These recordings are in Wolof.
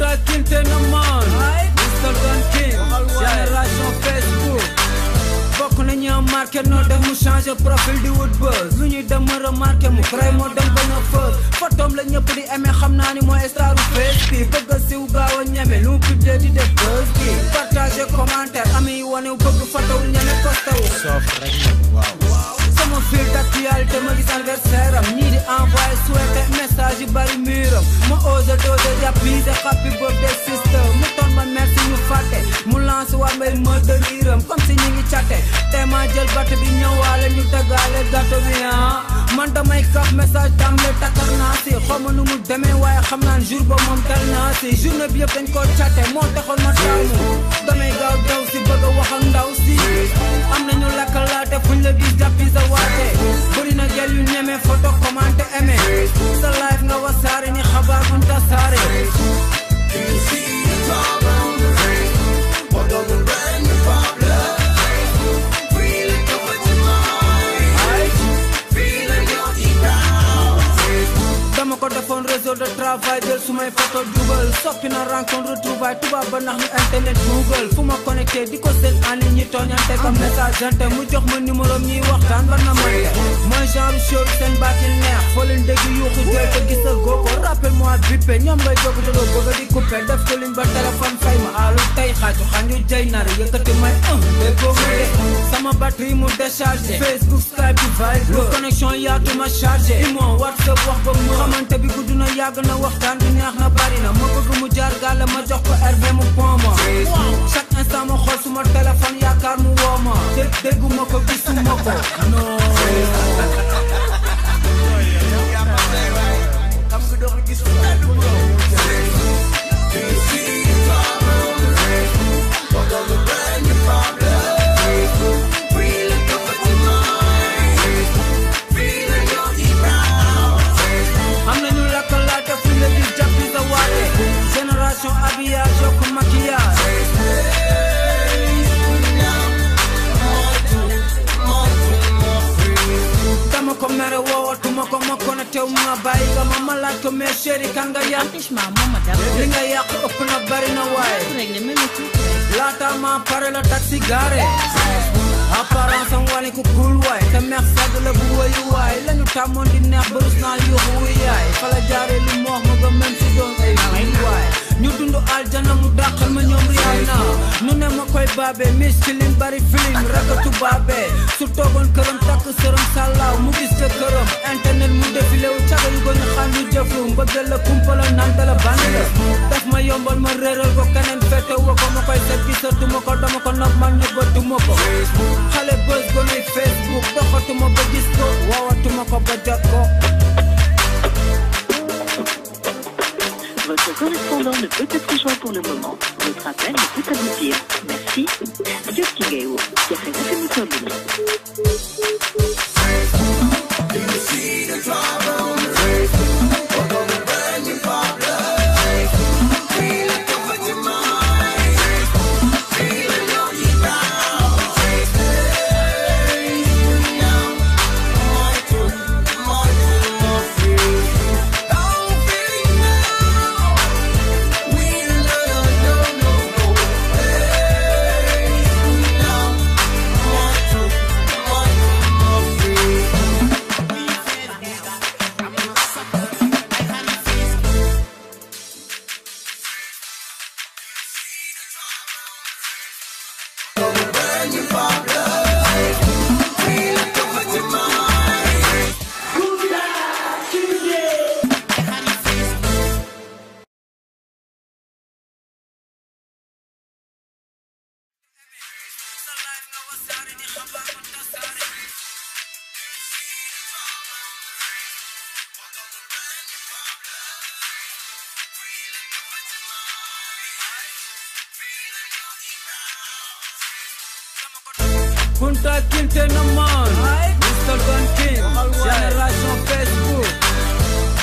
Mr. King Tenaman Mr. Don King génération Facebook bokk nañu am marqué noo def mu changé profil di wut buzz lu ñuy dem mu remarqué mu créé moo dem ba nga fës la ñëpp di aimé xam naa ni mooy staru face bi bëgg a siw gaaw ñeme lu mu publié di def bi partagé commentaire ami yi wane bëgg fotow ñeme wu soof rek waaw sama fil d'actualité ma gis anniversaire am ñii di envoyé souhaité message bari muro la bise happy birthday sister mu toon ma merci ñu fàtte mu lance waa may murder iram comme si ñu ngi chatte te jël bato bi ñëwaale ñu dagaale gâteau bi ah منٹ مائی کپ میں سچ دم لیٹا کرنا سی خو منو مو دمے وایا خمنان جور بو من کرنا سی جور نبی اپن کو چاٹے موت خو مر جاؤں دمے گا گاو سی بگا وہن داو سی ام ننو لا کلاٹے فن لے بی جا پیزا واٹے پوری نہ گیل یو نیمے فوٹو کمانٹ ایمے سر لائف نو وسارے نی خبر گنتا سارے soppi na rencontre retrouvaille tubaab ba nax ñu internet google fu ma connecté di ko sel en ligne ñi tooñante comme messageante mu jox ma numéro ñuy waxtaan war na mën mooy show seen baatil neex foo leen yuuxu jooy te gis a goo ko rappel moi bippe ñoom ngay jóg dodo bëgg a di def ko ba téléphone fay ma aalu tey xaaju xanju jay nar yëkkati may un ah, déggoo ma sama batterie mu déchargé facebook skype vibe émission yaatu ma chargé imo whatsapp wax ba mu xamante bi gudd na yàgg na waxtaan bi neex na bari na ma bëgg mu jaar gàll ma jox ko rv mu pon ma chaque instant ma xool suma téléphone yaakaar mu woo ma dé dégguma ko gisuma ko non xalaat ko mais chéri kan nga yàq li nga yàq ëpp na bari na waaye laata ma pare la taxi garé apparence am wane ko cool waay te meex fedd la bu wayu waay lañu tàmmoon di neex barus yuuxu wu yaay fa jaare lu moox ma nga mën si doon ay wuy waay ñu dund aljana mu dàqal ma ñoom riyaay naa nu ne ma koy baabee mis bari filim rakatu baabee su toogoon këram takk sërëm sàllaaw mu gis ka këram internet mu juum bëggal la kumpaloon nanta la band daf ma yombal ma réeral ko keneen fete wa ko ma koy set gisatuma ko dama ko nopp man ñu bëttuma ko xale bës ba muy facebook doxatuma ba gis ko woowatuma ko ba jot ko Votre correspondant ne peut être rejoint pour le moment. Votre appel ne peut aboutir. Merci. fait Kingeo, Café Kuntakin Tenaman Mr Banking génération Facebook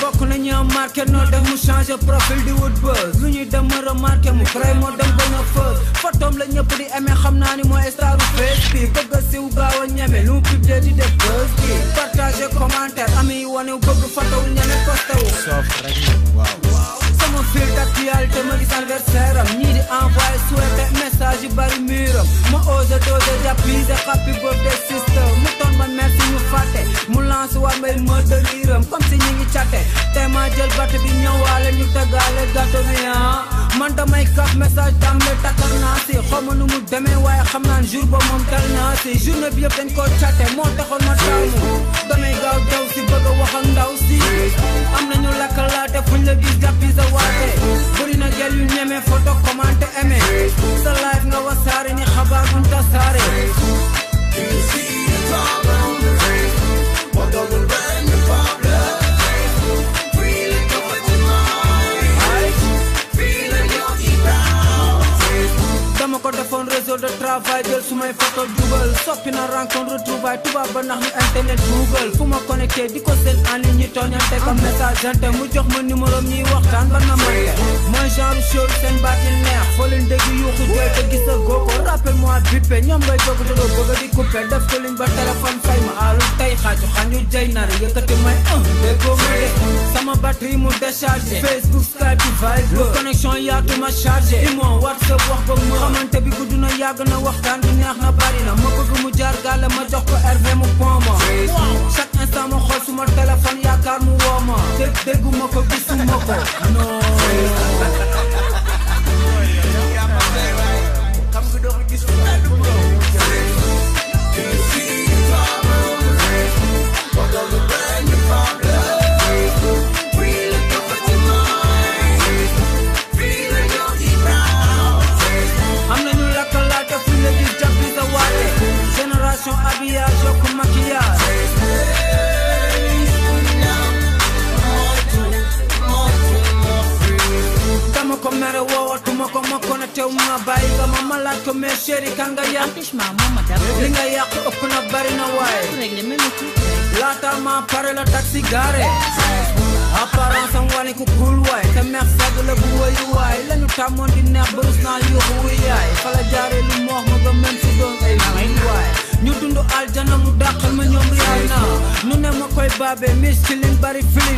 bokk nañu am marqué noo def mu changé profil di wut buzz lu ñuy dem ma remarqué mu fray moo dem ba na fës fotoom la ñëpp di amee xam naa ni mooy staru face bi bëgg gaaw a ñeme lu mu publier di def buzz bi partagé commentaire ami wane bëgg fotow ñeme wu. soof rek waaw. sama fil d'actualité ma gis anniversaire am ñii di envoyé souhaité message yu bari muuram ma osé dosé jàppise happy birthday sister mu toon ma merci ñu fàtte mu lance waa ma dëliiram comme si ñu ngi catte te ma jël batt bi ñëwaale ñu tegaale gâteau bi e, ah man damay kaf message dam ne takkal naa si xaw ma nu mu demee waaye xam naan jour ba moom dal naa si journée bi yëpp dañ koo cate moo taxoon ma taamu damay gaaw daw si bëgg a wax ak ndaw si am nañu lakkalaate fuñ la gis jàppi sa waate gel yu ñemee photo comment travail jël su may photo dugal soppi na rencontre retrouvaille tubaab ba ndax ñu internet google fu ma connecté di ko seen en ligne ñi tooñante comme message mu jox ma numéro ñuy waxtaan ba nga mooy genre show seen baat neex foo leen yuuxu jooy te gis a gooko rappel moi bippe ñoom ngay jog te doo di coupé def ko ba téléphone fay ma alu tey xaaju xañu jay nar yëkkati may un déggoo ma de sama batterie mu déchargé facebook vibe la connexion yaatu ma chargé i moo whatsapp wax ko ma xamante bi gudd na yàgg na waxtaan bi neex na bari na ma bëgg mu jaar gàll ma jox ko RV mu pont ma chaque instant ma xool suma téléphone yaakaar mu woo ma dégg dégguma ko ko non ko mais chéri kan nga yàq li nga yàq na bari na waaye laata ma pare la taxi garé apparence am wane ku cool waay te meex fag la bu wayu waay lañu tàmmoon di neex barus naa yuuxu wu yaay fala jaare lu moox ma ba même si doon ay waay ñu dund aljana mu dàqal ma ñoom yaay naa nu ne ma koy baabee mis ci liñ bari filim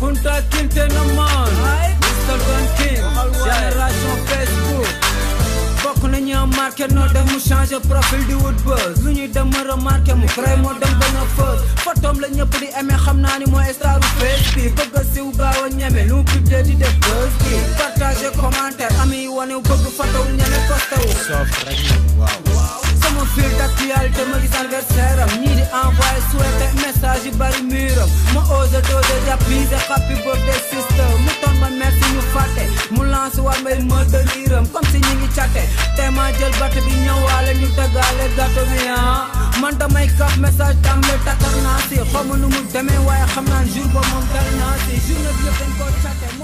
Kunta Kinte Naman Mr Don King génération Facebook bokk nañu am marqué noo def mu changé profil di wut lu ñuy dem ma remarqué mu crée moo dem ba nga fës la ñëpp di aimé xam naa ni mooy staru face bi bëgg a a ñeme lu mu publié di def buzz bi partagé commentaire ami bëgg fotow ñeme posté wu soof rek waaw sama fil d'actualité ma gis anniversaire am ñii di envoyé souhaité message yi bari muram ma osé dosé but भी नो वाले न्यूट गाले गट हाँ। में मन तो मैं कब में सच दम लेटा करना सी खमनु मुद्दे में वाया खमन जुर्ब मुंकर नासी जुनब ये दिन को चटे